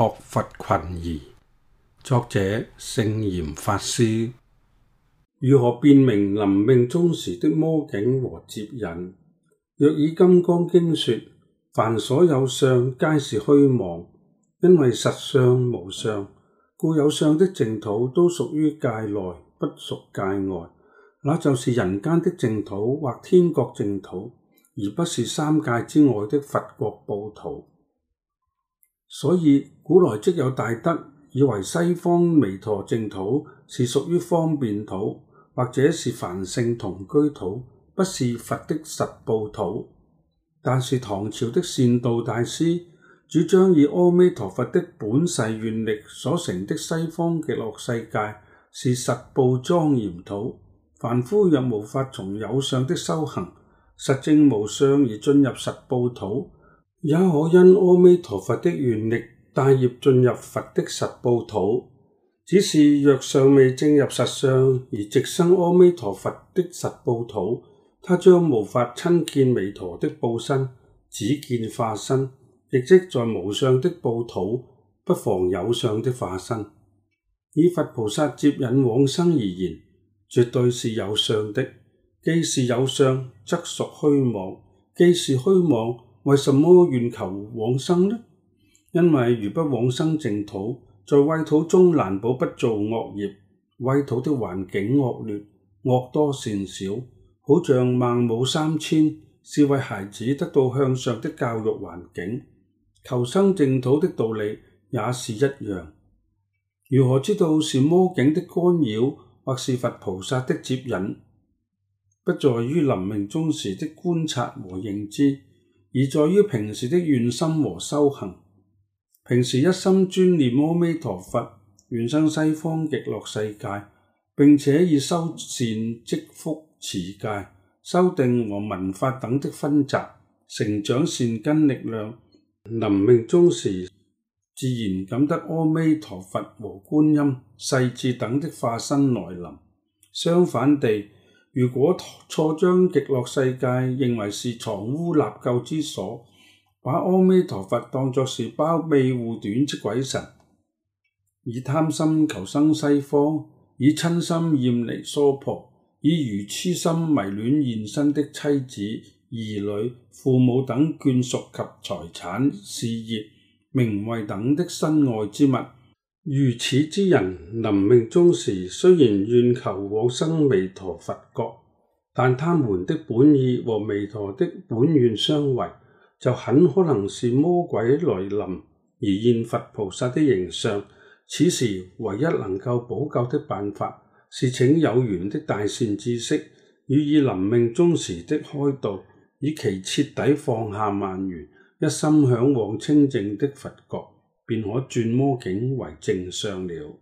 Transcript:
學佛群疑，作者聖嚴法師。如何辨明臨命終時的魔境和接引？若以金剛經說，凡所有相，皆是虛妄。因為實相無相，故有相的淨土都屬於界內，不屬界外。那就是人間的淨土或天國淨土，而不是三界之外的佛國報土。所以古來即有大德以為西方彌陀淨土是屬於方便土，或者是凡聖同居土，不是佛的實報土。但是唐朝的善導大師主張以阿彌陀佛的本誓願力所成的西方極樂世界是實報莊嚴土。凡夫若無法從有相的修行實證無相而進入實報土，也可因阿彌陀佛的願力帶業進入佛的實報土，只是若尚未證入實相而直生阿彌陀佛的實報土，他將無法親見彌陀的報身，只見化身。亦即在無相的報土，不妨有相的化身。以佛菩薩接引往生而言，絕對是有相的。既是有相，則屬虛妄；既是虛妄，為什麼願求往生呢？因為如不往生淨土，在穢土中難保不做惡業。穢土的環境惡劣，惡多善少，好像孟母三遷，是為孩子得到向上的教育環境。求生淨土的道理也是一樣。如何知道是魔境的干擾，或是佛菩薩的接引？不在於臨命終時的觀察和認知。而在於平時的願心和修行，平時一心專念阿彌陀佛，願生西方極樂世界，並且以修善積福持戒、修定和聞法等的紛雜成長善根力量，臨命終時自然感得阿彌陀佛和觀音、勢至等的化身來臨，相反地，如果錯將極樂世界認為是藏污納垢之所，把阿彌陀佛當作是包庇護短之鬼神，以貪心求生西方，以瞋心厭離娑婆，以愚癡心迷戀現身的妻子、兒女、父母等眷屬及財產、事業、名位等的身外之物。如此之人臨命終時，雖然願求往生彌陀佛國，但他們的本意和彌陀的本願相違，就很可能是魔鬼來臨，而現佛菩薩的形象。此時唯一能夠補救的辦法，是請有緣的大善知識予以臨命終時的開導，以其徹底放下萬緣，一心向往清淨的佛國。便可轉魔境為正相了。